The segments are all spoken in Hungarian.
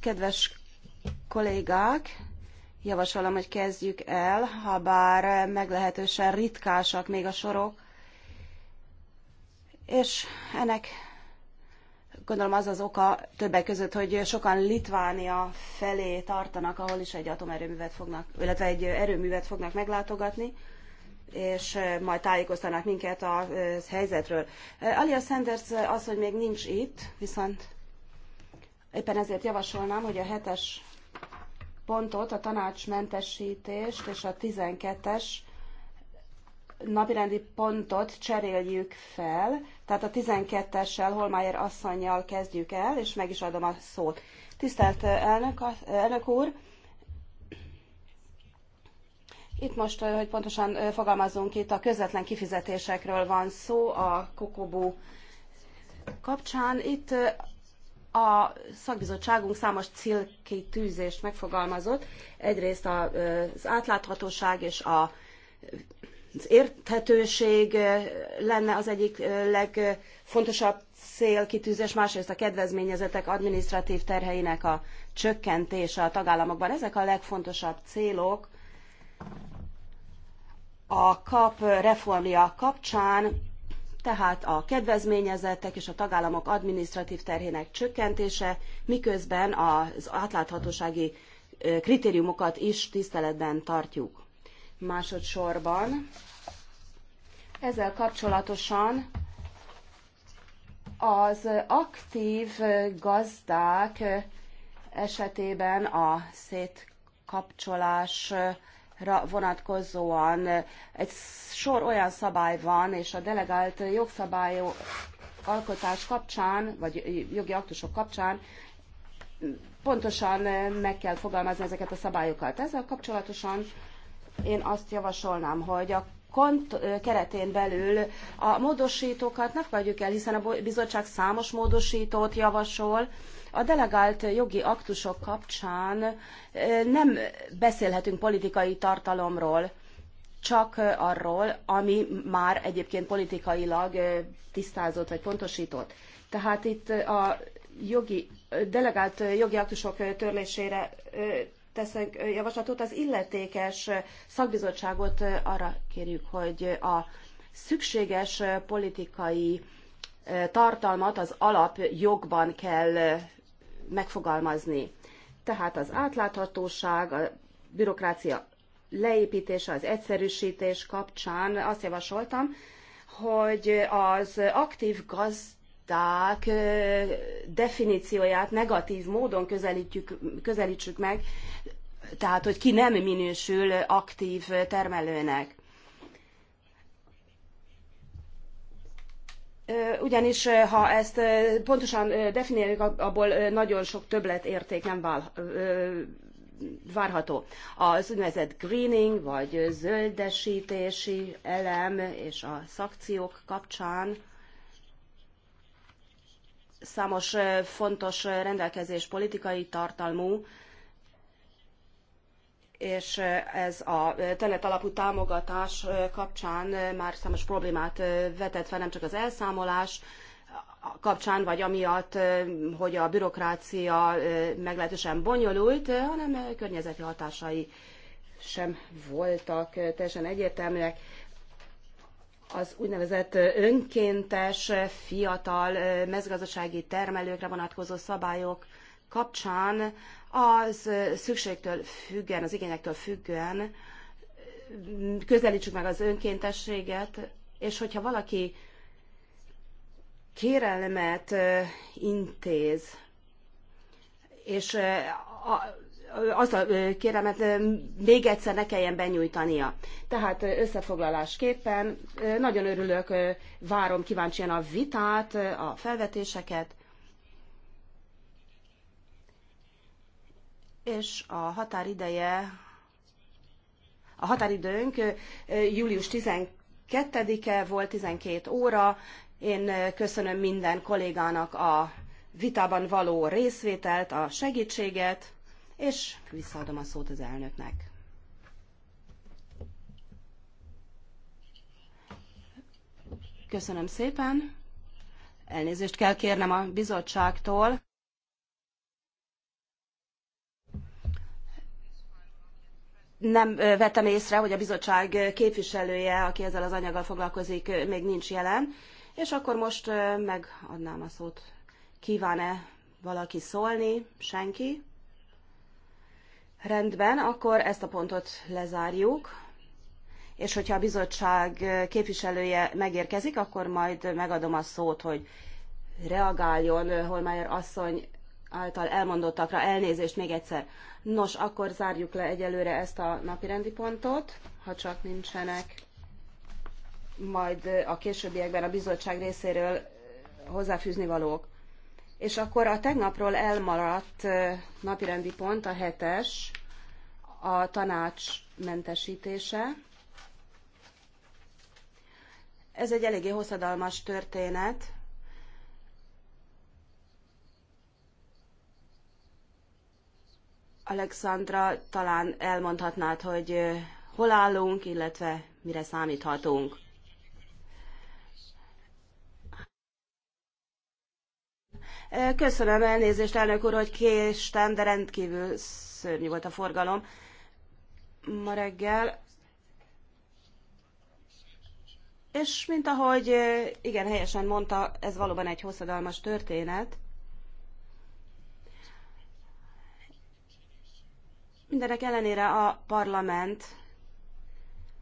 Kedves kollégák, javasolom, hogy kezdjük el, ha bár meglehetősen ritkásak még a sorok, és ennek gondolom az az oka többek között, hogy sokan Litvánia felé tartanak, ahol is egy atomerőművet fognak, illetve egy erőművet fognak meglátogatni és eh, majd tájékoztanak minket a eh, helyzetről. Eh, Alia Sanders az, hogy még nincs itt, viszont éppen ezért javasolnám, hogy a hetes pontot, a tanácsmentesítést és a 12-es napirendi pontot cseréljük fel, tehát a 12-essel Holmájer asszonyjal kezdjük el, és meg is adom a szót. Tisztelt elnök, elnök úr, itt most, hogy pontosan fogalmazunk, itt a közvetlen kifizetésekről van szó a kokobú kapcsán. Itt a szakbizottságunk számos célkitűzést megfogalmazott. Egyrészt az átláthatóság és a az érthetőség lenne az egyik legfontosabb célkitűzés, másrészt a kedvezményezetek adminisztratív terheinek a csökkentése a tagállamokban. Ezek a legfontosabb célok, a kap reformja kapcsán, tehát a kedvezményezettek és a tagállamok adminisztratív terhének csökkentése, miközben az átláthatósági kritériumokat is tiszteletben tartjuk. Másodszorban ezzel kapcsolatosan az aktív gazdák esetében a szétkapcsolás vonatkozóan egy sor olyan szabály van, és a delegált jogszabályok alkotás kapcsán, vagy jogi aktusok kapcsán pontosan meg kell fogalmazni ezeket a szabályokat. Ezzel kapcsolatosan én azt javasolnám, hogy a kont keretén belül a módosítókat ne fogadjuk el, hiszen a bizottság számos módosítót javasol. A delegált jogi aktusok kapcsán nem beszélhetünk politikai tartalomról, csak arról, ami már egyébként politikailag tisztázott vagy pontosított. Tehát itt a jogi, delegált jogi aktusok törlésére teszek javaslatot, az illetékes szakbizottságot arra kérjük, hogy a szükséges politikai tartalmat az alapjogban kell megfogalmazni. Tehát az átláthatóság, a bürokrácia leépítése, az egyszerűsítés kapcsán azt javasoltam, hogy az aktív gazdaság gazdák definícióját negatív módon közelítjük, közelítsük meg, tehát hogy ki nem minősül aktív termelőnek. Ugyanis ha ezt pontosan definiáljuk, abból nagyon sok többletérték nem vál, várható. Az úgynevezett greening vagy zöldesítési elem és a szakciók kapcsán számos fontos rendelkezés politikai tartalmú, és ez a telet alapú támogatás kapcsán már számos problémát vetett fel, nem csak az elszámolás kapcsán, vagy amiatt, hogy a bürokrácia meglehetősen bonyolult, hanem környezeti hatásai sem voltak teljesen egyértelműek az úgynevezett önkéntes fiatal mezgazdasági termelőkre vonatkozó szabályok kapcsán az szükségtől függően, az igényektől függően közelítsük meg az önkéntességet, és hogyha valaki kérelmet intéz, és azt kérem, hogy hát, még egyszer ne kelljen benyújtania. Tehát összefoglalásképpen nagyon örülök, várom kíváncsian a vitát, a felvetéseket, és a határideje, a határidőnk július 12-e volt 12 óra. Én köszönöm minden kollégának a vitában való részvételt, a segítséget és visszaadom a szót az elnöknek. Köszönöm szépen. Elnézést kell kérnem a bizottságtól. Nem vettem észre, hogy a bizottság képviselője, aki ezzel az anyaggal foglalkozik, még nincs jelen. És akkor most megadnám a szót. Kíván-e valaki szólni? Senki? Rendben, akkor ezt a pontot lezárjuk, és hogyha a bizottság képviselője megérkezik, akkor majd megadom a szót, hogy reagáljon Holmeyer asszony által elmondottakra. Elnézést még egyszer. Nos, akkor zárjuk le egyelőre ezt a napirendi pontot, ha csak nincsenek majd a későbbiekben a bizottság részéről hozzáfűzni valók. És akkor a tegnapról elmaradt napirendi pont, a hetes, a tanács mentesítése. Ez egy eléggé hosszadalmas történet. Alexandra, talán elmondhatnád, hogy hol állunk, illetve mire számíthatunk. Köszönöm elnézést, elnök úr, hogy késtem, de rendkívül szörnyű volt a forgalom ma reggel. És mint ahogy igen helyesen mondta, ez valóban egy hosszadalmas történet. Mindenek ellenére a parlament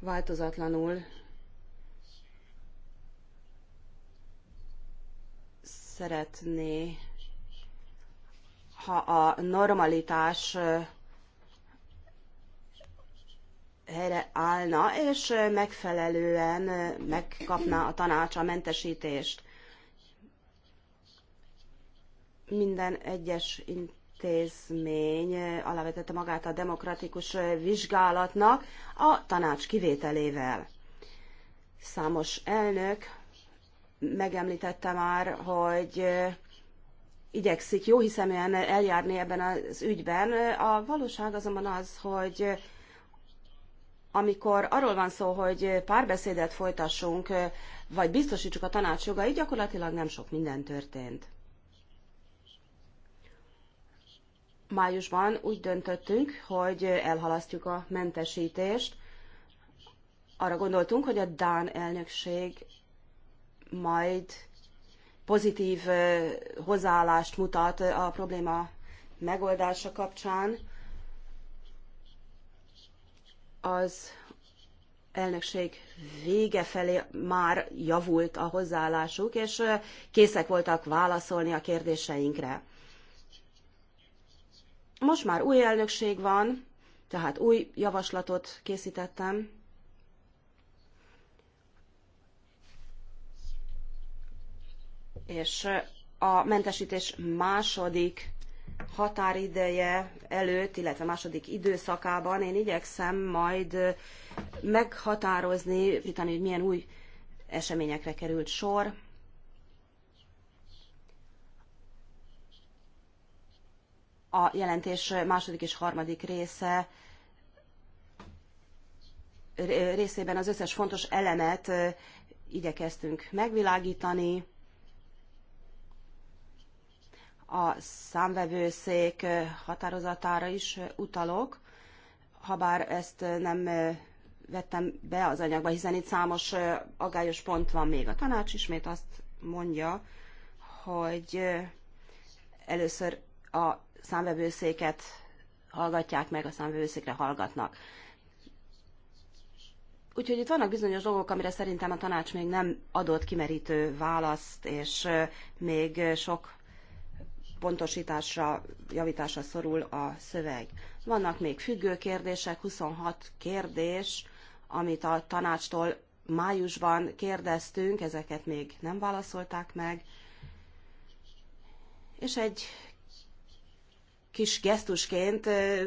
változatlanul szeretné, ha a normalitás helyre állna, és megfelelően megkapná a tanács a mentesítést. Minden egyes intézmény alávetette magát a demokratikus vizsgálatnak, a tanács kivételével. Számos elnök megemlítette már, hogy igyekszik jó hiszeműen eljárni ebben az ügyben. A valóság azonban az, hogy amikor arról van szó, hogy párbeszédet folytassunk, vagy biztosítsuk a tanács jogait, gyakorlatilag nem sok minden történt. Májusban úgy döntöttünk, hogy elhalasztjuk a mentesítést. Arra gondoltunk, hogy a Dán elnökség majd pozitív hozzáállást mutat a probléma megoldása kapcsán, az elnökség vége felé már javult a hozzáállásuk, és készek voltak válaszolni a kérdéseinkre. Most már új elnökség van, tehát új javaslatot készítettem. és a mentesítés második határideje előtt, illetve második időszakában én igyekszem majd meghatározni, vitani, hogy milyen új eseményekre került sor. A jelentés második és harmadik része részében az összes fontos elemet igyekeztünk megvilágítani, a számvevőszék határozatára is utalok, habár ezt nem vettem be az anyagba, hiszen itt számos agályos pont van még. A tanács ismét azt mondja, hogy először a számvevőszéket hallgatják meg, a számvevőszékre hallgatnak. Úgyhogy itt vannak bizonyos dolgok, amire szerintem a tanács még nem adott kimerítő választ, és még sok pontosításra, javításra szorul a szöveg. Vannak még függő kérdések, 26 kérdés, amit a tanácstól májusban kérdeztünk, ezeket még nem válaszolták meg. És egy kis gesztusként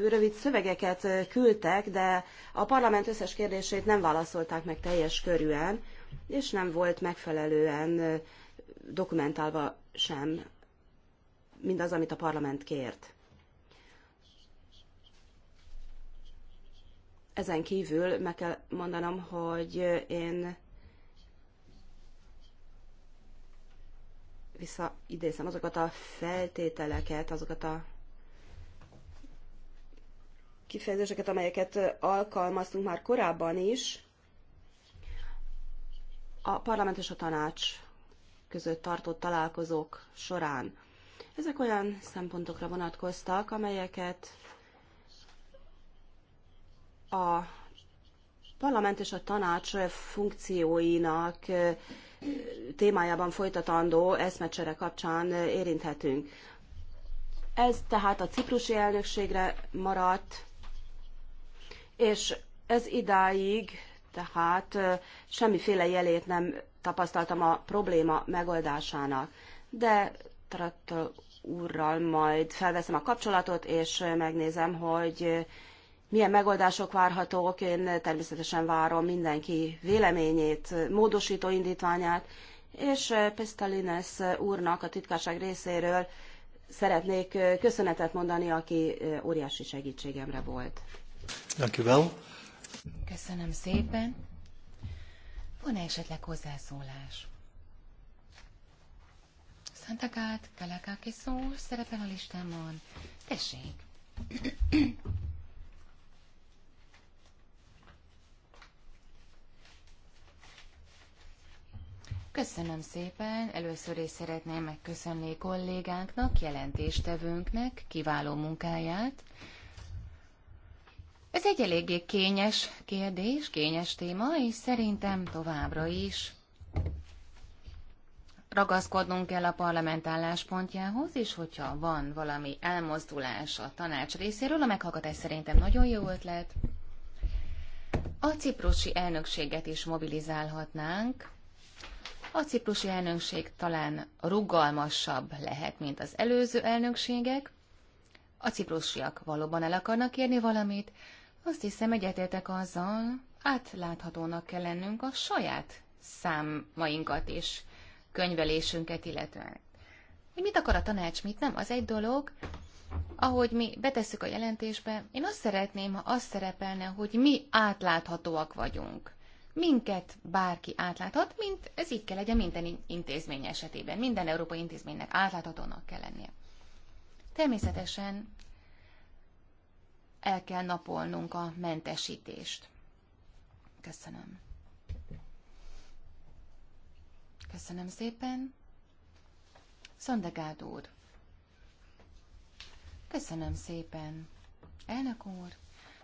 rövid szövegeket küldtek, de a parlament összes kérdését nem válaszolták meg teljes körűen, és nem volt megfelelően dokumentálva sem mindaz, amit a parlament kért. Ezen kívül meg kell mondanom, hogy én visszaidézem azokat a feltételeket, azokat a kifejezéseket, amelyeket alkalmaztunk már korábban is. A parlament és a tanács között tartott találkozók során ezek olyan szempontokra vonatkoztak, amelyeket a parlament és a tanács funkcióinak témájában folytatandó eszmecsere kapcsán érinthetünk. Ez tehát a ciprusi elnökségre maradt, és ez idáig tehát semmiféle jelét nem tapasztaltam a probléma megoldásának. De Trattal úrral majd felveszem a kapcsolatot, és megnézem, hogy milyen megoldások várhatók. Én természetesen várom mindenki véleményét, módosító indítványát, és Pestalines úrnak a titkárság részéről szeretnék köszönetet mondani, aki óriási segítségemre volt. Köszönöm szépen. Van-e esetleg hozzászólás? Szentagát, Kalakáki szó szerepel a listámon. Tessék! Köszönöm szépen. Először is szeretném megköszönni kollégánknak, jelentéstevőnknek kiváló munkáját. Ez egy eléggé kényes kérdés, kényes téma, és szerintem továbbra is ragaszkodnunk kell a parlament álláspontjához, és hogyha van valami elmozdulás a tanács részéről, a meghallgatás szerintem nagyon jó ötlet. A ciprusi elnökséget is mobilizálhatnánk. A ciprusi elnökség talán rugalmasabb lehet, mint az előző elnökségek. A ciprusiak valóban el akarnak érni valamit. Azt hiszem, egyetértek azzal, átláthatónak kell lennünk a saját számainkat is könyvelésünket illetően. Hogy mit akar a tanács, mit nem, az egy dolog, ahogy mi betesszük a jelentésbe, én azt szeretném, ha azt szerepelne, hogy mi átláthatóak vagyunk. Minket bárki átláthat, mint ez így kell legyen minden intézmény esetében. Minden európai intézménynek átláthatónak kell lennie. Természetesen el kell napolnunk a mentesítést. Köszönöm. Köszönöm szépen. Szondegád úr. Köszönöm szépen. Elnök úr,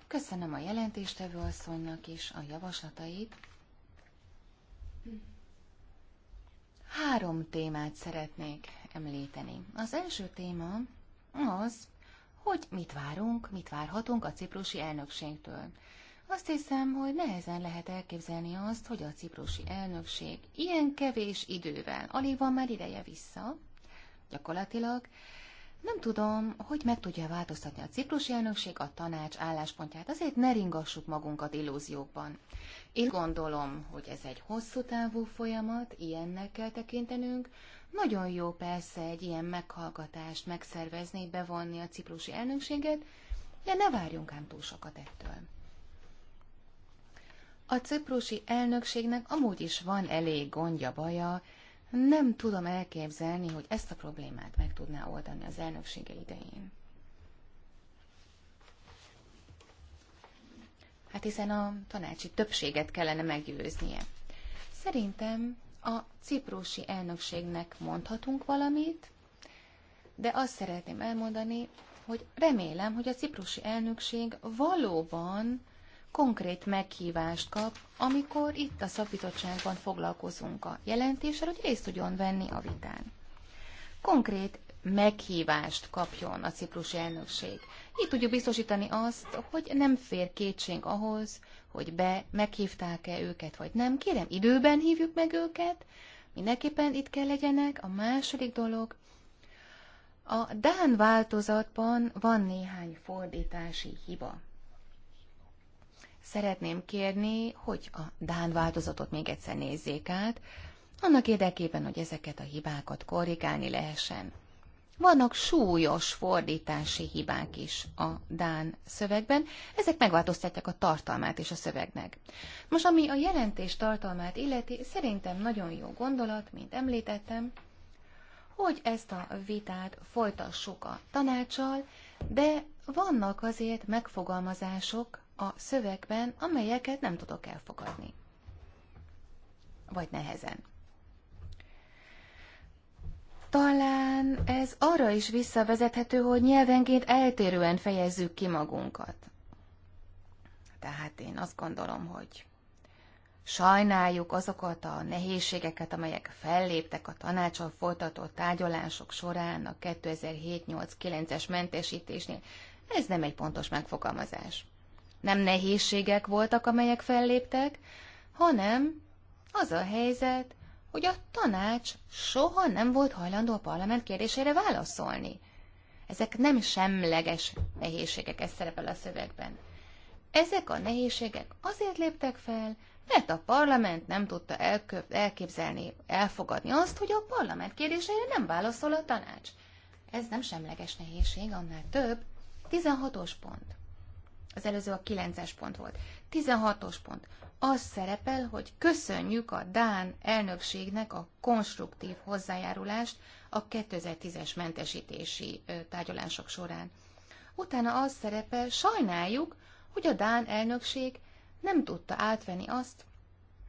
köszönöm a jelentéstevő asszonynak is a javaslatait. Három témát szeretnék említeni. Az első téma az, hogy mit várunk, mit várhatunk a ciprusi elnökségtől. Azt hiszem, hogy nehezen lehet elképzelni azt, hogy a ciprusi elnökség ilyen kevés idővel, alig van már ideje vissza, gyakorlatilag, nem tudom, hogy meg tudja változtatni a ciprusi elnökség a tanács álláspontját, azért ne ringassuk magunkat illúziókban. Én gondolom, hogy ez egy hosszú távú folyamat, ilyennek kell tekintenünk. Nagyon jó persze egy ilyen meghallgatást megszervezni, bevonni a ciprusi elnökséget, de ne várjunk ám túl sokat ettől. A ciprusi elnökségnek amúgy is van elég gondja, baja, nem tudom elképzelni, hogy ezt a problémát meg tudná oldani az elnöksége idején. Hát hiszen a tanácsi többséget kellene meggyőznie. Szerintem a ciprusi elnökségnek mondhatunk valamit, de azt szeretném elmondani, hogy remélem, hogy a ciprusi elnökség valóban konkrét meghívást kap, amikor itt a szakbizottságban foglalkozunk a jelentéssel, hogy részt tudjon venni a vitán. Konkrét meghívást kapjon a ciprusi elnökség. Így tudjuk biztosítani azt, hogy nem fér kétség ahhoz, hogy be meghívták-e őket, vagy nem. Kérem, időben hívjuk meg őket, mindenképpen itt kell legyenek. A második dolog, a Dán változatban van néhány fordítási hiba szeretném kérni, hogy a Dán változatot még egyszer nézzék át, annak érdekében, hogy ezeket a hibákat korrigálni lehessen. Vannak súlyos fordítási hibák is a Dán szövegben, ezek megváltoztatják a tartalmát és a szövegnek. Most, ami a jelentés tartalmát illeti, szerintem nagyon jó gondolat, mint említettem, hogy ezt a vitát folytassuk a tanácsal, de vannak azért megfogalmazások, a szövegben, amelyeket nem tudok elfogadni. Vagy nehezen. Talán ez arra is visszavezethető, hogy nyelvenként eltérően fejezzük ki magunkat. Tehát én azt gondolom, hogy sajnáljuk azokat a nehézségeket, amelyek felléptek a tanácsal folytatott tárgyalások során a 2007 89 es mentesítésnél. Ez nem egy pontos megfogalmazás nem nehézségek voltak, amelyek felléptek, hanem az a helyzet, hogy a tanács soha nem volt hajlandó a parlament kérdésére válaszolni. Ezek nem semleges nehézségek, ez szerepel a szövegben. Ezek a nehézségek azért léptek fel, mert a parlament nem tudta elképzelni, elfogadni azt, hogy a parlament kérdésére nem válaszol a tanács. Ez nem semleges nehézség, annál több. 16-os pont. Az előző a 9-es pont volt. 16-os pont. Az szerepel, hogy köszönjük a Dán elnökségnek a konstruktív hozzájárulást a 2010-es mentesítési tárgyalások során. Utána az szerepel, sajnáljuk, hogy a Dán elnökség nem tudta átvenni azt,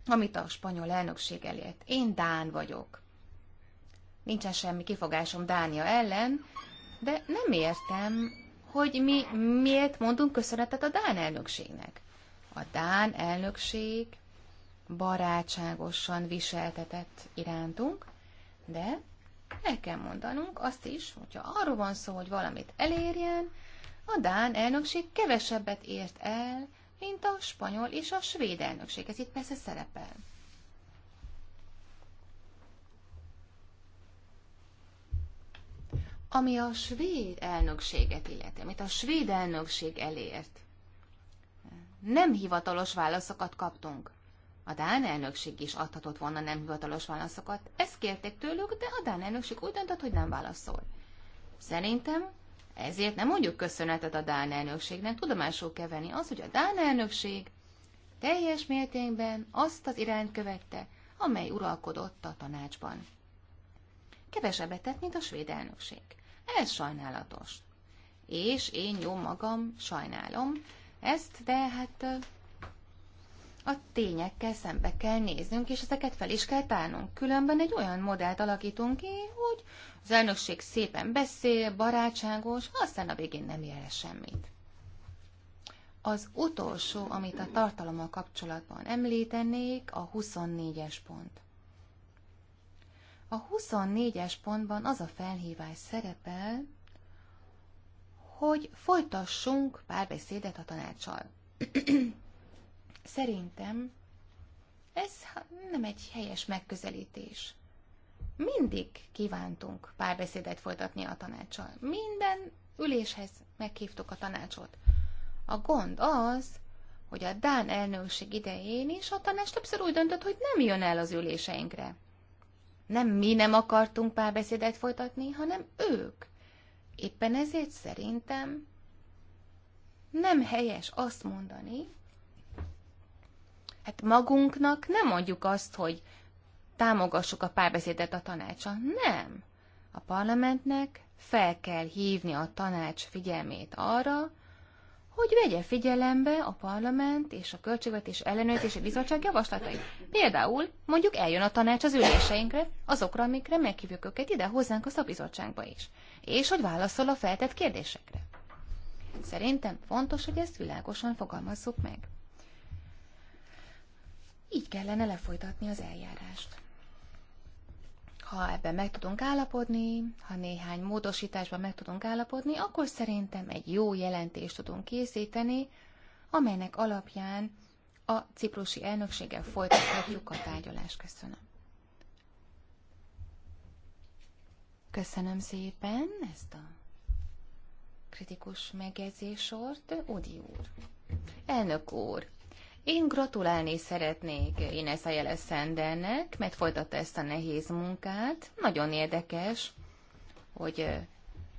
amit a spanyol elnökség elért. Én Dán vagyok. Nincsen semmi kifogásom Dánia ellen, de nem értem, hogy mi miért mondunk köszönetet a Dán elnökségnek. A Dán elnökség barátságosan viseltetett irántunk, de el kell mondanunk azt is, hogyha arról van szó, hogy valamit elérjen, a Dán elnökség kevesebbet ért el, mint a spanyol és a svéd elnökség. Ez itt persze szerepel. Ami a svéd elnökséget illeti, amit a svéd elnökség elért, nem hivatalos válaszokat kaptunk. A Dán elnökség is adhatott volna nem hivatalos válaszokat. Ezt kérték tőlük, de a Dán elnökség úgy döntött, hogy nem válaszol. Szerintem ezért nem mondjuk köszönetet a Dán elnökségnek, tudomásul kell venni az, hogy a Dán elnökség teljes mértékben azt az irányt követte, amely uralkodott a tanácsban. Kevesebbet tett, mint a svéd elnökség. Ez sajnálatos. És én jó magam sajnálom ezt, de hát a tényekkel szembe kell néznünk, és ezeket fel is kell tárnunk. Különben egy olyan modellt alakítunk ki, hogy az elnökség szépen beszél, barátságos, aztán a végén nem ér semmit. Az utolsó, amit a tartalommal kapcsolatban említenék, a 24-es pont. A 24-es pontban az a felhívás szerepel, hogy folytassunk párbeszédet a tanácsal. Szerintem ez nem egy helyes megközelítés. Mindig kívántunk párbeszédet folytatni a tanácsal. Minden üléshez meghívtuk a tanácsot. A gond az, hogy a Dán elnökség idején is a tanács többször úgy döntött, hogy nem jön el az üléseinkre. Nem mi nem akartunk párbeszédet folytatni, hanem ők. Éppen ezért szerintem nem helyes azt mondani, hát magunknak nem mondjuk azt, hogy támogassuk a párbeszédet a tanácsa. Nem. A parlamentnek fel kell hívni a tanács figyelmét arra, hogy vegye figyelembe a parlament és a költségvetés ellenőrzési bizottság javaslatait. Például mondjuk eljön a tanács az üléseinkre, azokra, amikre meghívjuk őket ide hozzánk a szabizottságba is, és hogy válaszol a feltett kérdésekre. Szerintem fontos, hogy ezt világosan fogalmazzuk meg. Így kellene lefolytatni az eljárást ha ebben meg tudunk állapodni, ha néhány módosításban meg tudunk állapodni, akkor szerintem egy jó jelentést tudunk készíteni, amelynek alapján a ciprusi elnökséggel folytathatjuk a tárgyalást. Köszönöm. Köszönöm szépen ezt a kritikus megjegyzésort. Odi úr. Elnök úr, én gratulálni szeretnék Ines Ayala Sandernek, mert folytatta ezt a nehéz munkát. Nagyon érdekes, hogy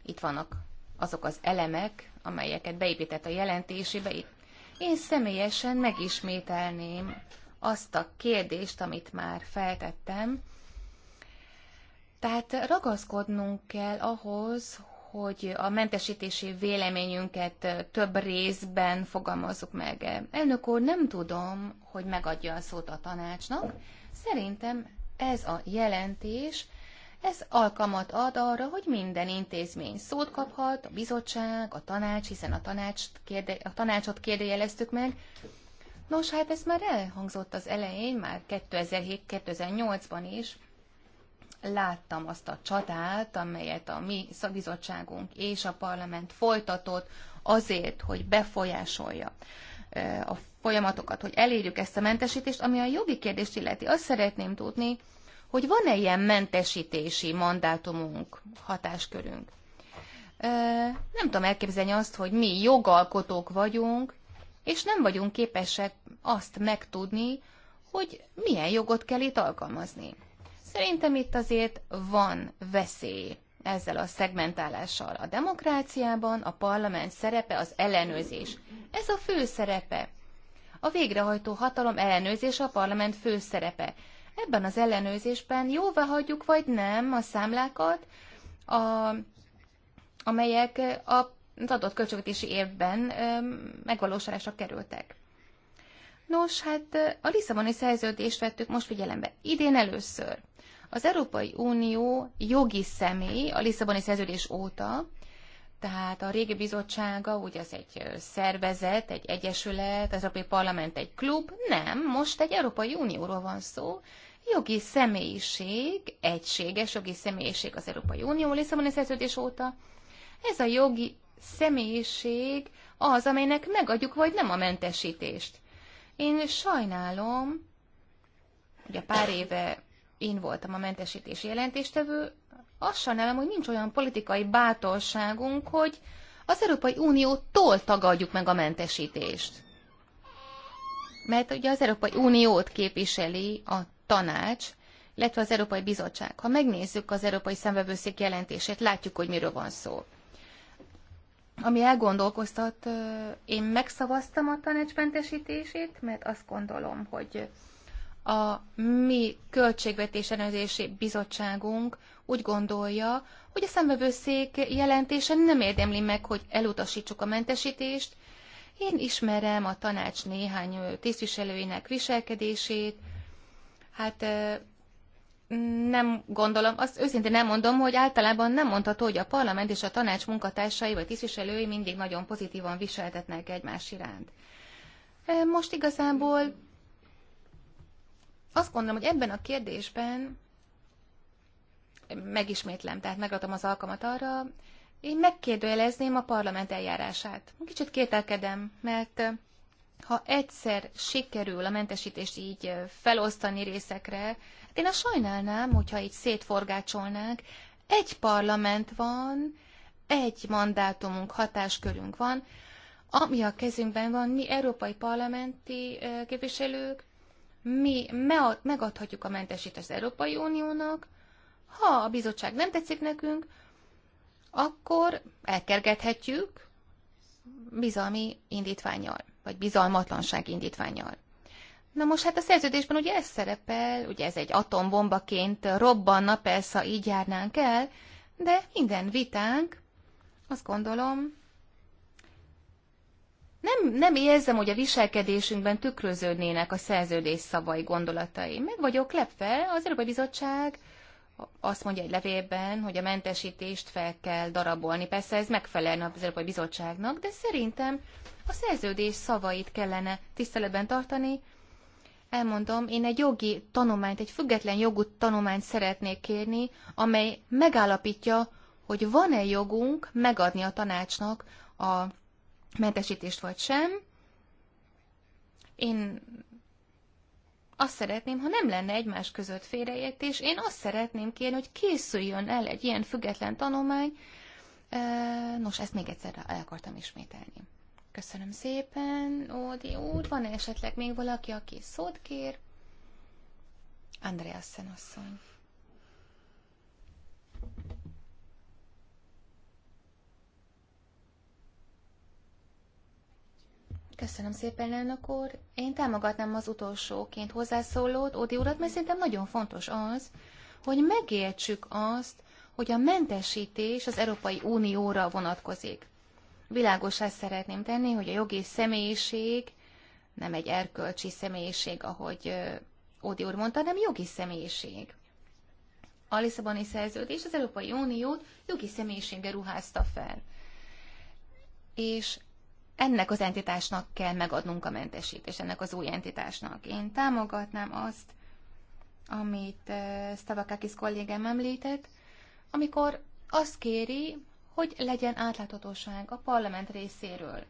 itt vannak azok az elemek, amelyeket beépített a jelentésébe. Én személyesen megismételném azt a kérdést, amit már feltettem. Tehát ragaszkodnunk kell ahhoz, hogy a mentesítési véleményünket eh, több részben fogalmazzuk meg. Elnök úr, nem tudom, hogy megadja a szót a tanácsnak. Szerintem ez a jelentés, ez alkalmat ad arra, hogy minden intézmény szót kaphat, a bizottság, a tanács, hiszen a, tanács kérde, a tanácsot kérdőjeleztük meg. Nos, hát ez már elhangzott az elején, már 2007-2008-ban is, láttam azt a csatát, amelyet a mi szabizottságunk és a parlament folytatott azért, hogy befolyásolja a folyamatokat, hogy elérjük ezt a mentesítést, ami a jogi kérdést illeti. Azt szeretném tudni, hogy van-e ilyen mentesítési mandátumunk, hatáskörünk. Nem tudom elképzelni azt, hogy mi jogalkotók vagyunk, és nem vagyunk képesek azt megtudni, hogy milyen jogot kell itt alkalmazni. Szerintem itt azért van veszély ezzel a szegmentálással. A demokráciában a parlament szerepe az ellenőrzés. Ez a fő szerepe. A végrehajtó hatalom ellenőrzés a parlament fő szerepe. Ebben az ellenőrzésben jóvá hagyjuk vagy nem a számlákat, a, amelyek az adott költségvetési évben megvalósulásra kerültek. Nos, hát a Lisszaboni szerződést vettük most figyelembe. Idén először. Az Európai Unió jogi személy a Lisszaboni szerződés óta, tehát a régi bizottsága, ugye az egy szervezet, egy egyesület, az Európai Parlament egy klub, nem, most egy Európai Unióról van szó, jogi személyiség, egységes jogi személyiség az Európai Unió Lisszaboni szerződés óta. Ez a jogi személyiség az, amelynek megadjuk vagy nem a mentesítést. Én sajnálom, ugye pár éve én voltam a mentesítési jelentéstevő, azt sajnálom, hogy nincs olyan politikai bátorságunk, hogy az Európai Uniótól tagadjuk meg a mentesítést. Mert ugye az Európai Uniót képviseli a tanács, illetve az Európai Bizottság. Ha megnézzük az Európai Szemvevőszék jelentését, látjuk, hogy miről van szó. Ami elgondolkoztat, én megszavaztam a tanács mentesítését, mert azt gondolom, hogy a mi költségvetésenőzési bizottságunk úgy gondolja, hogy a szembevőszék jelentése nem érdemli meg, hogy elutasítsuk a mentesítést. Én ismerem a tanács néhány tisztviselőinek viselkedését. Hát nem gondolom, azt őszintén nem mondom, hogy általában nem mondható, hogy a parlament és a tanács munkatársai vagy tisztviselői mindig nagyon pozitívan viseltetnek egymás iránt. Most igazából azt gondolom, hogy ebben a kérdésben megismétlem, tehát megadom az alkalmat arra, én megkérdőjelezném a parlament eljárását. Kicsit kételkedem, mert ha egyszer sikerül a mentesítést így felosztani részekre, hát én azt sajnálnám, hogyha így szétforgácsolnánk. Egy parlament van, egy mandátumunk, hatáskörünk van, ami a kezünkben van, mi európai parlamenti képviselők, mi megadhatjuk a mentesítést az Európai Uniónak, ha a bizottság nem tetszik nekünk, akkor elkergethetjük bizalmi indítványjal, vagy bizalmatlanság indítványjal. Na most hát a szerződésben ugye ez szerepel, ugye ez egy atombombaként robbanna, persze így járnánk el, de minden vitánk, azt gondolom, nem, nem érzem, hogy a viselkedésünkben tükröződnének a szerződés szavai gondolatai. Meg vagyok lepve, az Európai Bizottság azt mondja egy levélben, hogy a mentesítést fel kell darabolni. Persze ez megfelelne az Európai Bizottságnak, de szerintem a szerződés szavait kellene tiszteletben tartani. Elmondom, én egy jogi tanulmányt, egy független jogú tanulmányt szeretnék kérni, amely megállapítja, hogy van-e jogunk megadni a tanácsnak a mentesítést vagy sem. Én azt szeretném, ha nem lenne egymás között félreértés, én azt szeretném kérni, hogy készüljön el egy ilyen független tanulmány. Nos, ezt még egyszer el akartam ismételni. Köszönöm szépen, Ódi úr. van -e esetleg még valaki, aki szót kér? Andreas asszony. Köszönöm szépen, elnök úr. Én támogatnám az utolsóként hozzászólót, Ódi urat, mert szerintem nagyon fontos az, hogy megértsük azt, hogy a mentesítés az Európai Unióra vonatkozik. Világosá szeretném tenni, hogy a jogi személyiség nem egy erkölcsi személyiség, ahogy Ódi úr mondta, hanem jogi személyiség. A Lisszaboni szerződés az Európai Uniót jogi személyiséggel ruházta fel. És ennek az entitásnak kell megadnunk a és ennek az új entitásnak. Én támogatnám azt, amit eh, Stavakakis kollégám említett, amikor azt kéri, hogy legyen átláthatóság a parlament részéről.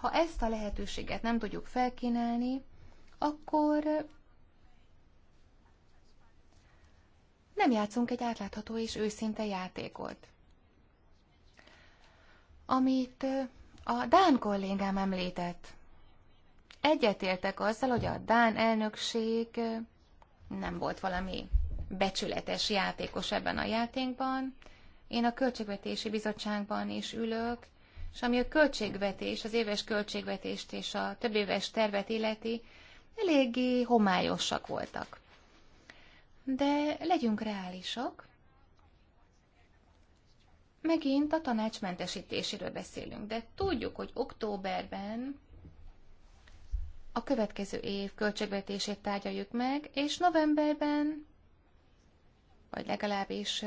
Ha ezt a lehetőséget nem tudjuk felkínálni, akkor nem játszunk egy átlátható és őszinte játékot. Amit eh, a Dán kollégám említett. Egyetértek azzal, hogy a Dán elnökség nem volt valami becsületes játékos ebben a játékban. Én a Költségvetési Bizottságban is ülök, és ami a költségvetés, az éves költségvetést és a több éves tervet illeti, eléggé homályosak voltak. De legyünk reálisak. Megint a tanácsmentesítéséről beszélünk, de tudjuk, hogy októberben a következő év költségvetését tárgyaljuk meg, és novemberben, vagy legalábbis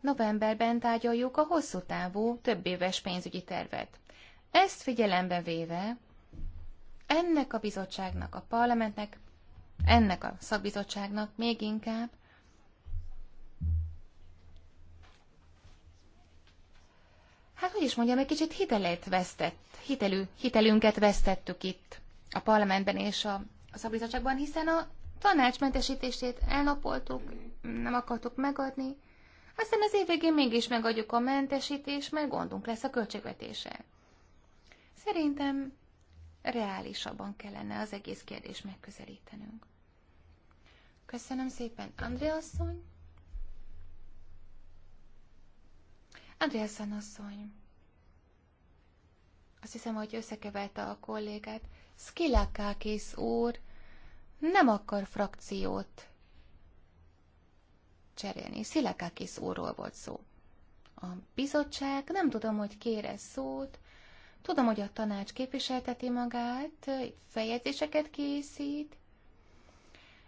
novemberben tárgyaljuk a hosszú távú, több éves pénzügyi tervet. Ezt figyelembe véve, ennek a bizottságnak, a parlamentnek, ennek a szakbizottságnak még inkább hogy is mondjam, egy kicsit hitelét vesztett, hitelű, hitelünket vesztettük itt a parlamentben és a, a szabadságban, hiszen a tanácsmentesítését elnapoltuk, nem akartuk megadni, aztán az év végén mégis megadjuk a mentesítés, mert gondunk lesz a költségvetése. Szerintem reálisabban kellene az egész kérdést megközelítenünk. Köszönöm szépen, Andrea asszony. Andrea asszony. Azt hiszem, hogy összekeverte a kollégát. Skilakákis úr nem akar frakciót cserélni. Szilakákis úrról volt szó. A bizottság, nem tudom, hogy kére szót, tudom, hogy a tanács képviselteti magát, feljegyzéseket készít,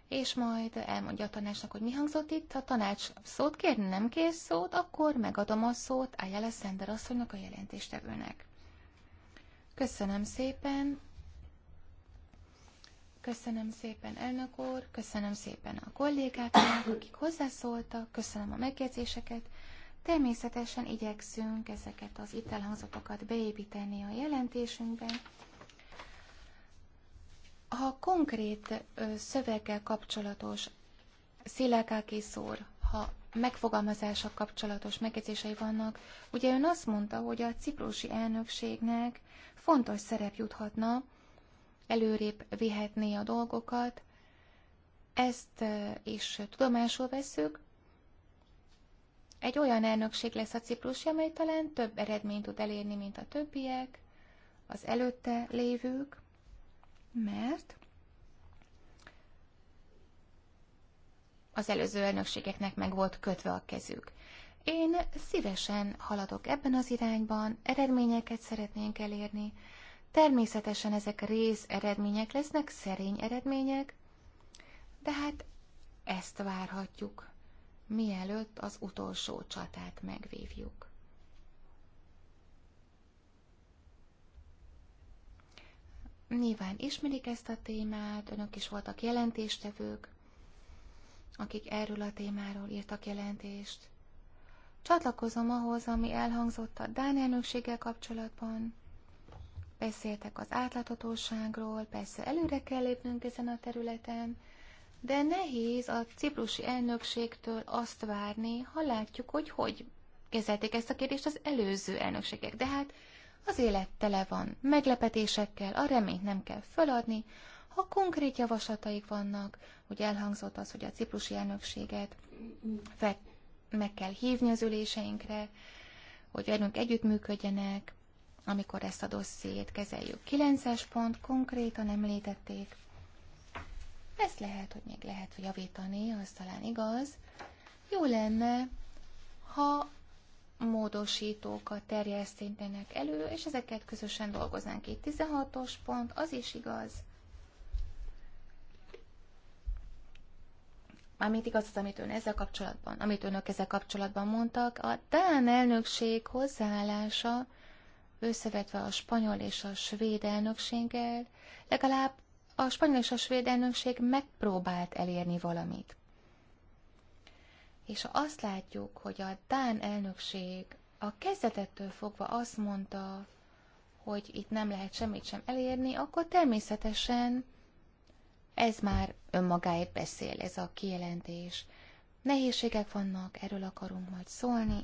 és majd elmondja a tanácsnak, hogy mi hangzott itt. Ha a tanács szót kér, nem kér szót, akkor megadom a szót Ayala Szender asszonynak a jelentéstevőnek. Köszönöm szépen. Köszönöm szépen, elnök úr, köszönöm szépen a kollégáknak, akik hozzászóltak, köszönöm a megjegyzéseket. Természetesen igyekszünk ezeket az itt elhangzatokat beépíteni a jelentésünkben. Ha konkrét szöveggel kapcsolatos Szilákákész úr ha megfogalmazása kapcsolatos megjegyzései vannak, ugye ön azt mondta, hogy a ciprusi elnökségnek fontos szerep juthatna, előrébb vihetné a dolgokat, ezt e, is tudomásul veszük. Egy olyan elnökség lesz a ciprusi, amely talán több eredményt tud elérni, mint a többiek, az előtte lévők, mert az előző elnökségeknek meg volt kötve a kezük. Én szívesen haladok ebben az irányban, eredményeket szeretnénk elérni. Természetesen ezek rész eredmények lesznek, szerény eredmények, de hát ezt várhatjuk, mielőtt az utolsó csatát megvívjuk. Nyilván ismerik ezt a témát, önök is voltak jelentéstevők akik erről a témáról írtak jelentést. Csatlakozom ahhoz, ami elhangzott a Dán elnökséggel kapcsolatban. Beszéltek az átláthatóságról, persze előre kell lépnünk ezen a területen, de nehéz a ciprusi elnökségtől azt várni, ha látjuk, hogy hogy kezelték ezt a kérdést az előző elnökségek. De hát az élet tele van meglepetésekkel, a reményt nem kell föladni, ha konkrét javaslataik vannak, hogy elhangzott az, hogy a ciprusi elnökséget fel, meg kell hívni az üléseinkre, hogy velünk együttműködjenek, amikor ezt a dossziét kezeljük. 9-es pont konkrétan említették. Ezt lehet, hogy még lehet javítani, az talán igaz. Jó lenne, ha módosítókat terjesztenek elő, és ezeket közösen dolgoznánk itt 16-os pont, az is igaz, amit igaz az, amit ön ezzel kapcsolatban, amit önök ezzel kapcsolatban mondtak, a Dán elnökség hozzáállása összevetve a spanyol és a svéd elnökséggel, legalább a spanyol és a svéd elnökség megpróbált elérni valamit. És ha azt látjuk, hogy a Dán elnökség a kezdetettől fogva azt mondta, hogy itt nem lehet semmit sem elérni, akkor természetesen ez már önmagáért beszél, ez a kijelentés. Nehézségek vannak, erről akarunk majd szólni.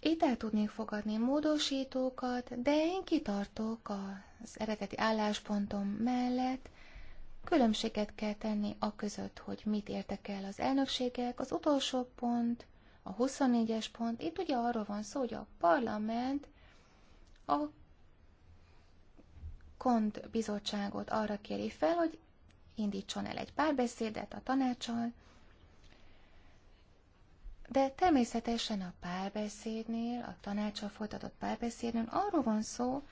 Itt el tudnék fogadni módosítókat, de én kitartok az eredeti álláspontom mellett. Különbséget kell tenni a között, hogy mit értek el az elnökségek. Az utolsó pont, a 24-es pont, itt ugye arról van szó, hogy a parlament a KONT bizottságot arra kéri fel, hogy indítson el egy párbeszédet a tanácsal, de természetesen a párbeszédnél, a tanácsal folytatott párbeszédnél arról van szó,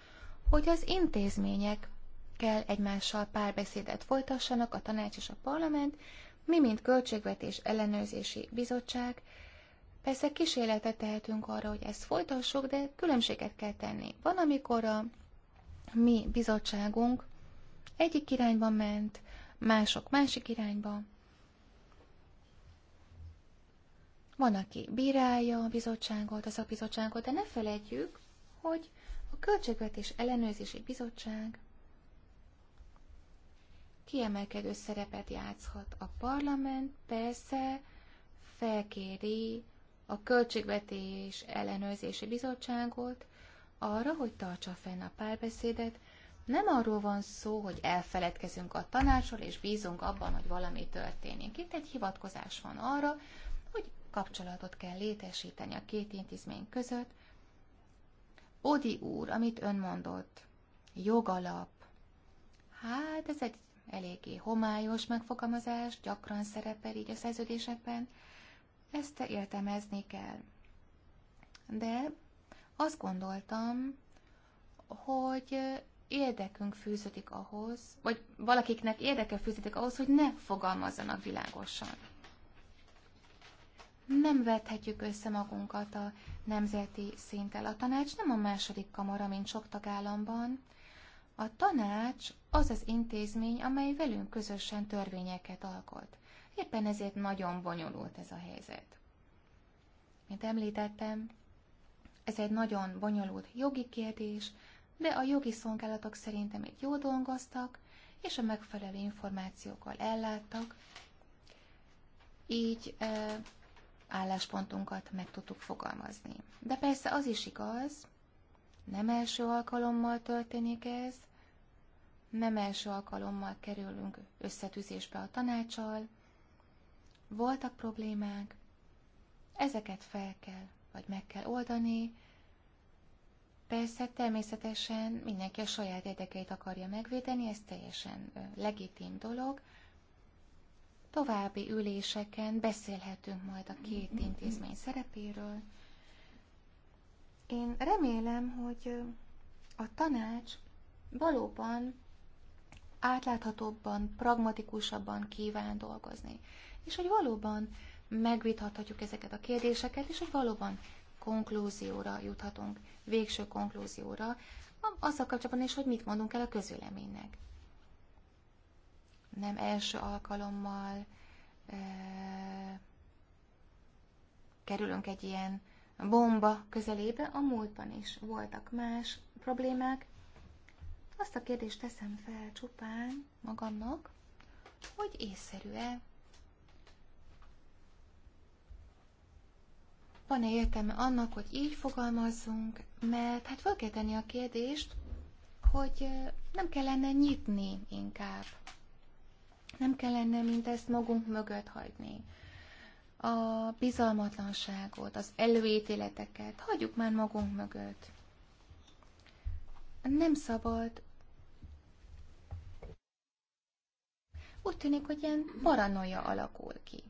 hogy az intézmények kell egymással párbeszédet folytassanak, a tanács és a parlament, mi, mint Költségvetés Ellenőrzési Bizottság, persze kísérletet tehetünk arra, hogy ezt folytassuk, de különbséget kell tenni. Van, amikor a mi bizottságunk egyik irányba ment, mások másik irányba. Van, aki bírálja a bizottságot, a bizottságot, de ne felejtjük, hogy a Költségvetés Ellenőrzési Bizottság kiemelkedő szerepet játszhat. A parlament persze felkéri a Költségvetés Ellenőrzési Bizottságot, arra, hogy tartsa fenn a párbeszédet, nem arról van szó, hogy elfeledkezünk a tanácsról, és bízunk abban, hogy valami történik. Itt egy hivatkozás van arra, hogy kapcsolatot kell létesíteni a két intézmény között. Odi úr, amit ön mondott, jogalap. Hát ez egy eléggé homályos megfogalmazás, gyakran szerepel így a szerződésekben. Ezt értelmezni kell. De azt gondoltam, hogy érdekünk fűződik ahhoz, vagy valakiknek érdeke fűződik ahhoz, hogy ne fogalmazzanak világosan. Nem vethetjük össze magunkat a nemzeti szinttel. A tanács nem a második kamara, mint sok tagállamban. A tanács az az intézmény, amely velünk közösen törvényeket alkot. Éppen ezért nagyon bonyolult ez a helyzet. Mint említettem, ez egy nagyon bonyolult jogi kérdés, de a jogi szolgálatok szerintem itt jól dolgoztak, és a megfelelő információkkal elláttak, így e, álláspontunkat meg tudtuk fogalmazni. De persze az is igaz, nem első alkalommal történik ez, nem első alkalommal kerülünk összetűzésbe a tanácsal, voltak problémák, ezeket fel kell vagy meg kell oldani. Persze természetesen mindenki a saját érdekeit akarja megvédeni, ez teljesen legitim dolog. További üléseken beszélhetünk majd a két intézmény szerepéről. Én remélem, hogy a tanács valóban átláthatóbban, pragmatikusabban kíván dolgozni. És hogy valóban megvitathatjuk ezeket a kérdéseket, és hogy valóban konklúzióra juthatunk, végső konklúzióra, azzal kapcsolatban is, hogy mit mondunk el a közüleménynek. Nem első alkalommal e, kerülünk egy ilyen bomba közelébe, a múltban is voltak más problémák. Azt a kérdést teszem fel csupán magamnak, hogy észszerű-e Van-e értelme annak, hogy így fogalmazzunk? Mert hát fel kell tenni a kérdést, hogy nem kellene nyitni inkább. Nem kellene mindezt magunk mögött hagyni. A bizalmatlanságot, az előítéleteket hagyjuk már magunk mögött. Nem szabad úgy tűnik, hogy ilyen paranoia alakul ki.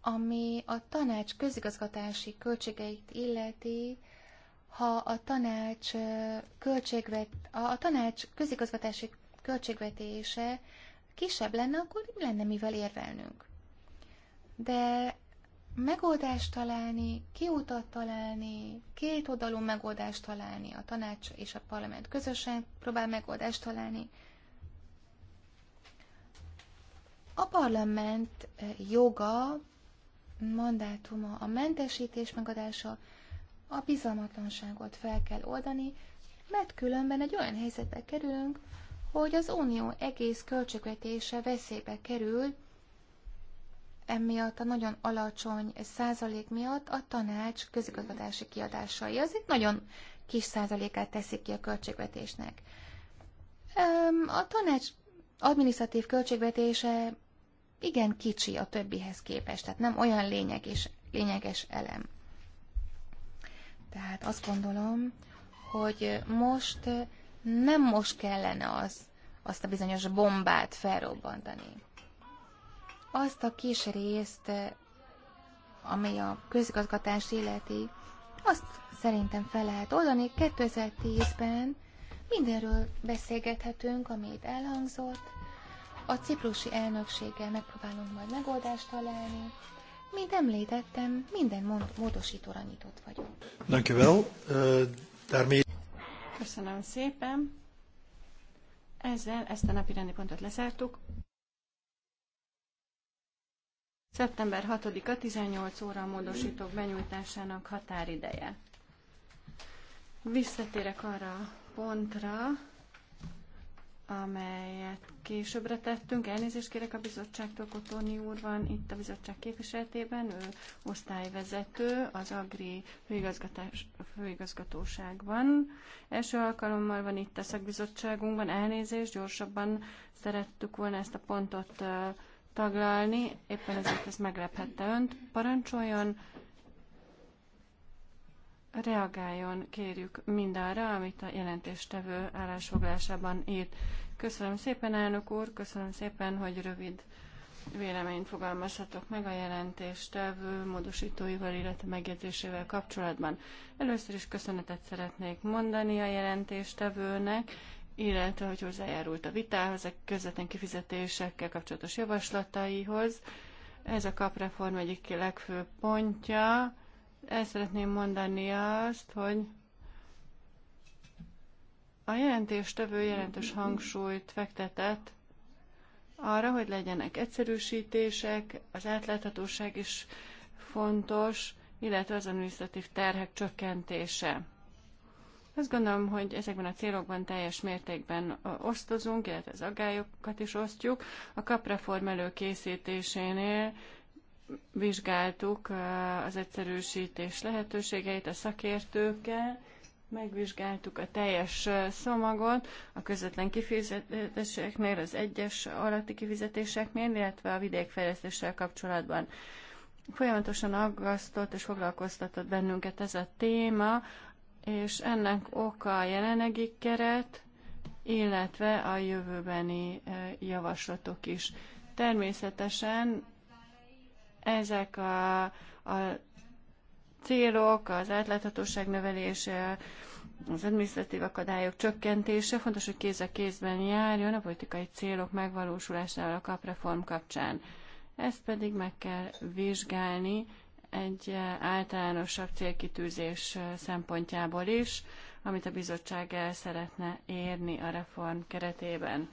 Ami a tanács közigazgatási költségeit illeti, ha a tanács, költségvet, a tanács közigazgatási költségvetése kisebb lenne, akkor nem lenne mivel érvelnünk. De megoldást találni, kiutat találni, két oldalú megoldást találni, a tanács és a parlament közösen próbál megoldást találni. A parlament joga mandátuma a mentesítés megadása, a bizalmatlanságot fel kell oldani, mert különben egy olyan helyzetbe kerülünk, hogy az unió egész költségvetése veszélybe kerül, emiatt a nagyon alacsony százalék miatt a tanács közigazgatási kiadásai. Az itt nagyon kis százalékát teszik ki a költségvetésnek. A tanács adminisztratív költségvetése igen kicsi a többihez képest, tehát nem olyan lényeges, lényeges elem. Tehát azt gondolom, hogy most nem most kellene az, azt a bizonyos bombát felrobbantani. Azt a kis részt, amely a közigazgatás életi, azt szerintem fel lehet oldani. 2010-ben mindenről beszélgethetünk, amit elhangzott, a ciprusi elnökséggel megpróbálunk majd megoldást találni. Mint említettem, minden módosítóra nyitott vagyok. Eh, Köszönöm szépen. Ezzel ezt a napi rendi pontot lezártuk. Szeptember 6-a 18 óra a módosítók benyújtásának határideje. Visszatérek arra a pontra, amelyet későbbre tettünk. Elnézést kérek a bizottságtól, Kotóni úr van itt a bizottság képviseletében, ő osztályvezető az Agri főigazgatóságban. Első alkalommal van itt a szakbizottságunkban, elnézést, gyorsabban szerettük volna ezt a pontot taglalni, éppen ezért ez meglephette önt. Parancsoljon, reagáljon, kérjük mindarra, amit a jelentéstevő állásfoglalásában írt. Köszönöm szépen, elnök úr, köszönöm szépen, hogy rövid véleményt fogalmazhatok meg a jelentéstevő módosítóival, illetve megjegyzésével kapcsolatban. Először is köszönetet szeretnék mondani a jelentéstevőnek, illetve hogy hozzájárult a vitához, a közvetlen kifizetésekkel kapcsolatos javaslataihoz. Ez a kapreform egyik legfőbb pontja, el szeretném mondani azt, hogy a jelentéstevő jelentős hangsúlyt fektetett arra, hogy legyenek egyszerűsítések, az átláthatóság is fontos, illetve az administratív terhek csökkentése. Azt gondolom, hogy ezekben a célokban teljes mértékben osztozunk, illetve az aggályokat is osztjuk. A kapreform előkészítésénél vizsgáltuk az egyszerűsítés lehetőségeit a szakértőkkel, megvizsgáltuk a teljes szomagot a közvetlen kifizetéseknél, az egyes alatti kifizetéseknél, illetve a vidékfejlesztéssel kapcsolatban. Folyamatosan aggasztott és foglalkoztatott bennünket ez a téma, és ennek oka a jelenlegi keret, illetve a jövőbeni javaslatok is. Természetesen ezek a, a célok, az átláthatóság növelése, az administratív akadályok csökkentése fontos, hogy kéz a kézben járjon a politikai célok megvalósulásával a kapreform kapcsán. Ezt pedig meg kell vizsgálni egy általánosabb célkitűzés szempontjából is, amit a bizottság el szeretne érni a reform keretében.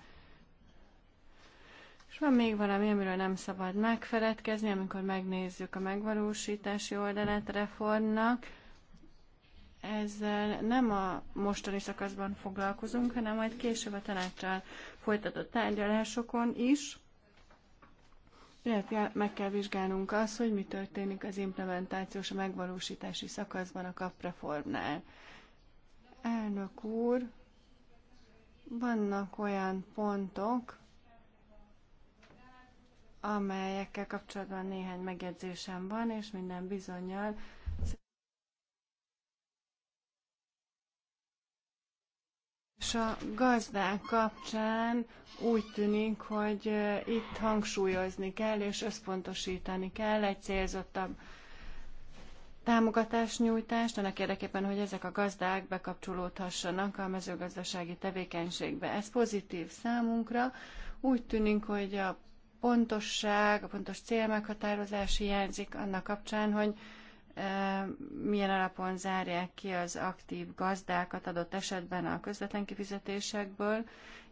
És van még valami, amiről nem szabad megfeledkezni, amikor megnézzük a megvalósítási oldalát reformnak. Ezzel nem a mostani szakaszban foglalkozunk, hanem majd később a tanácssal folytatott tárgyalásokon is, illetve meg kell vizsgálnunk azt, hogy mi történik az implementációs, a megvalósítási szakaszban a kapreformnál. Elnök úr, vannak olyan pontok, amelyekkel kapcsolatban néhány megjegyzésem van, és minden bizonyal És a gazdák kapcsán úgy tűnik, hogy itt hangsúlyozni kell és összpontosítani kell egy célzottabb nyújtást, annak érdekében, hogy ezek a gazdák bekapcsolódhassanak a mezőgazdasági tevékenységbe. Ez pozitív számunkra. Úgy tűnik, hogy a pontosság, a pontos célmeghatározás hiányzik annak kapcsán, hogy eh, milyen alapon zárják ki az aktív gazdákat adott esetben a közvetlen kifizetésekből,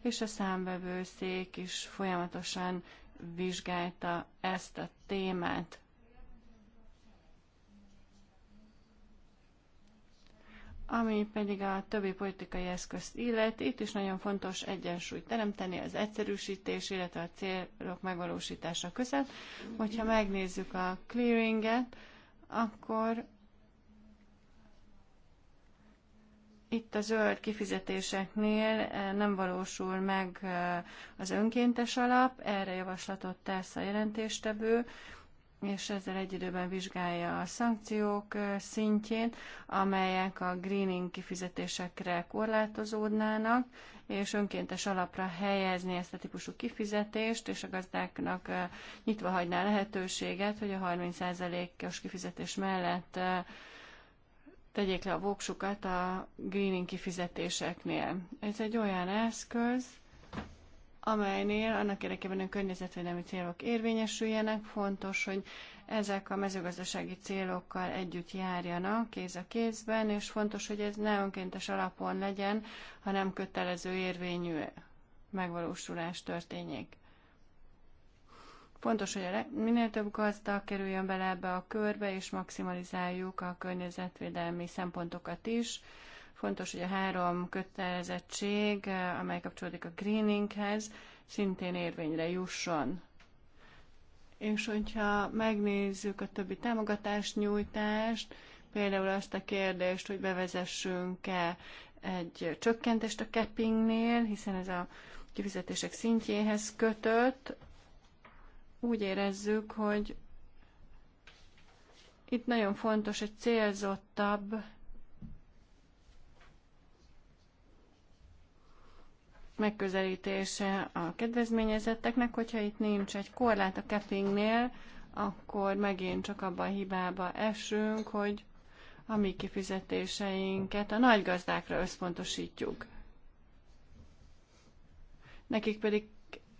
és a számbevőszék is folyamatosan vizsgálta ezt a témát. Ami pedig a többi politikai eszközt illet, itt is nagyon fontos egyensúlyt teremteni az egyszerűsítés, illetve a célok megvalósítása között. Hogyha megnézzük a clearinget, akkor itt a zöld kifizetéseknél eh, nem valósul meg eh, az önkéntes alap, erre javaslatot tesz a jelentéstevő, és ezzel egy időben vizsgálja a szankciók szintjén, amelyek a greening kifizetésekre korlátozódnának, és önkéntes alapra helyezni ezt a típusú kifizetést, és a gazdáknak nyitva hagyná lehetőséget, hogy a 30%-os kifizetés mellett tegyék le a voksukat a greening kifizetéseknél. Ez egy olyan eszköz, amelynél annak érdekében a környezetvédelmi célok érvényesüljenek, fontos, hogy ezek a mezőgazdasági célokkal együtt járjanak kéz a kézben, és fontos, hogy ez ne önkéntes alapon legyen, hanem kötelező érvényű megvalósulás történjék. Fontos, hogy minél több gazda kerüljön bele ebbe a körbe, és maximalizáljuk a környezetvédelmi szempontokat is, Fontos, hogy a három kötelezettség, amely kapcsolódik a greeninghez, szintén érvényre jusson. És hogyha megnézzük a többi támogatást, nyújtást, például azt a kérdést, hogy bevezessünk-e egy csökkentést a keppingnél, hiszen ez a kifizetések szintjéhez kötött, úgy érezzük, hogy itt nagyon fontos egy célzottabb megközelítése a kedvezményezetteknek, hogyha itt nincs egy korlát a cappingnél, akkor megint csak abban a hibába esünk, hogy a mi kifizetéseinket a nagy gazdákra összpontosítjuk. Nekik pedig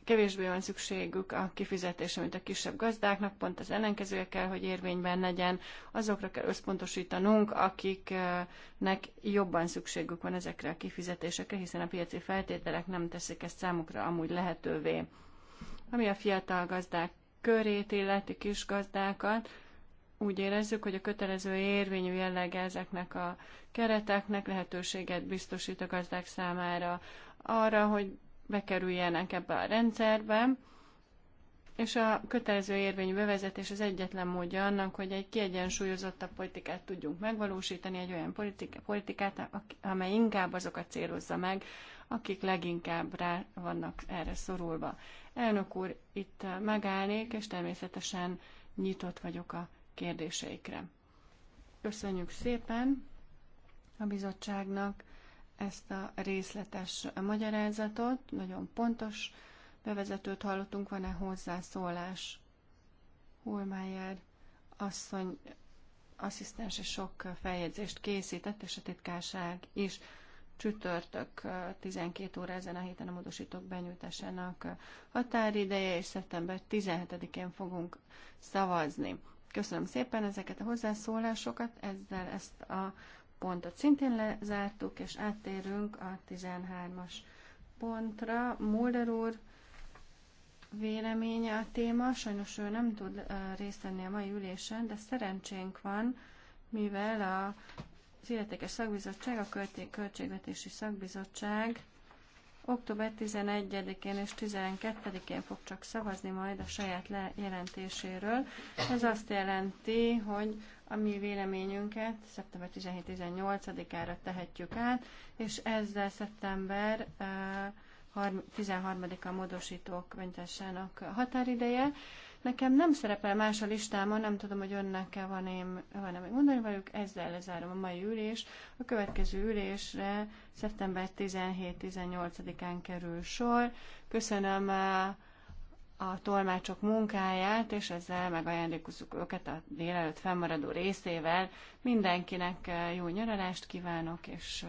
kevésbé van szükségük a kifizetésre, mint a kisebb gazdáknak, pont az ellenkezője kell, hogy érvényben legyen. Azokra kell összpontosítanunk, akiknek jobban szükségük van ezekre a kifizetésekre, hiszen a piaci feltételek nem teszik ezt számukra amúgy lehetővé. Ami a fiatal gazdák körét illeti kis gazdákat, úgy érezzük, hogy a kötelező érvényű jellege ezeknek a kereteknek lehetőséget biztosít a gazdák számára arra, hogy bekerüljenek ebbe a rendszerbe, és a kötelező érvényű bevezetés az egyetlen módja annak, hogy egy kiegyensúlyozottabb politikát tudjunk megvalósítani, egy olyan politikát, amely inkább azokat célozza meg, akik leginkább rá vannak erre szorulva. Elnök úr, itt megállnék, és természetesen nyitott vagyok a kérdéseikre. Köszönjük szépen a bizottságnak ezt a részletes magyarázatot, nagyon pontos bevezetőt hallottunk, van-e hozzászólás? Holmájer asszony és sok feljegyzést készített, és a titkárság is csütörtök 12 óra ezen a héten a módosítók benyújtásának határideje, és szeptember 17-én fogunk szavazni. Köszönöm szépen ezeket a hozzászólásokat, ezzel ezt a pontot szintén lezártuk, és áttérünk a 13-as pontra. Mulder úr véleménye a téma, sajnos ő nem tud részt venni a mai ülésen, de szerencsénk van, mivel a, az illetékes szakbizottság, a költségvetési szakbizottság október 11-én és 12-én fog csak szavazni majd a saját jelentéséről. Ez azt jelenti, hogy a mi véleményünket szeptember 17-18-ára tehetjük át, és ezzel szeptember 13-a módosítók mentessenek határideje. Nekem nem szerepel más a listámon, nem tudom, hogy önnek van-e van még mondani velük, ezzel lezárom a mai ülés. A következő ülésre szeptember 17-18-án kerül sor. Köszönöm a tolmácsok munkáját, és ezzel megajándékozzuk őket a délelőtt fennmaradó részével. Mindenkinek eh, jó nyaralást kívánok, és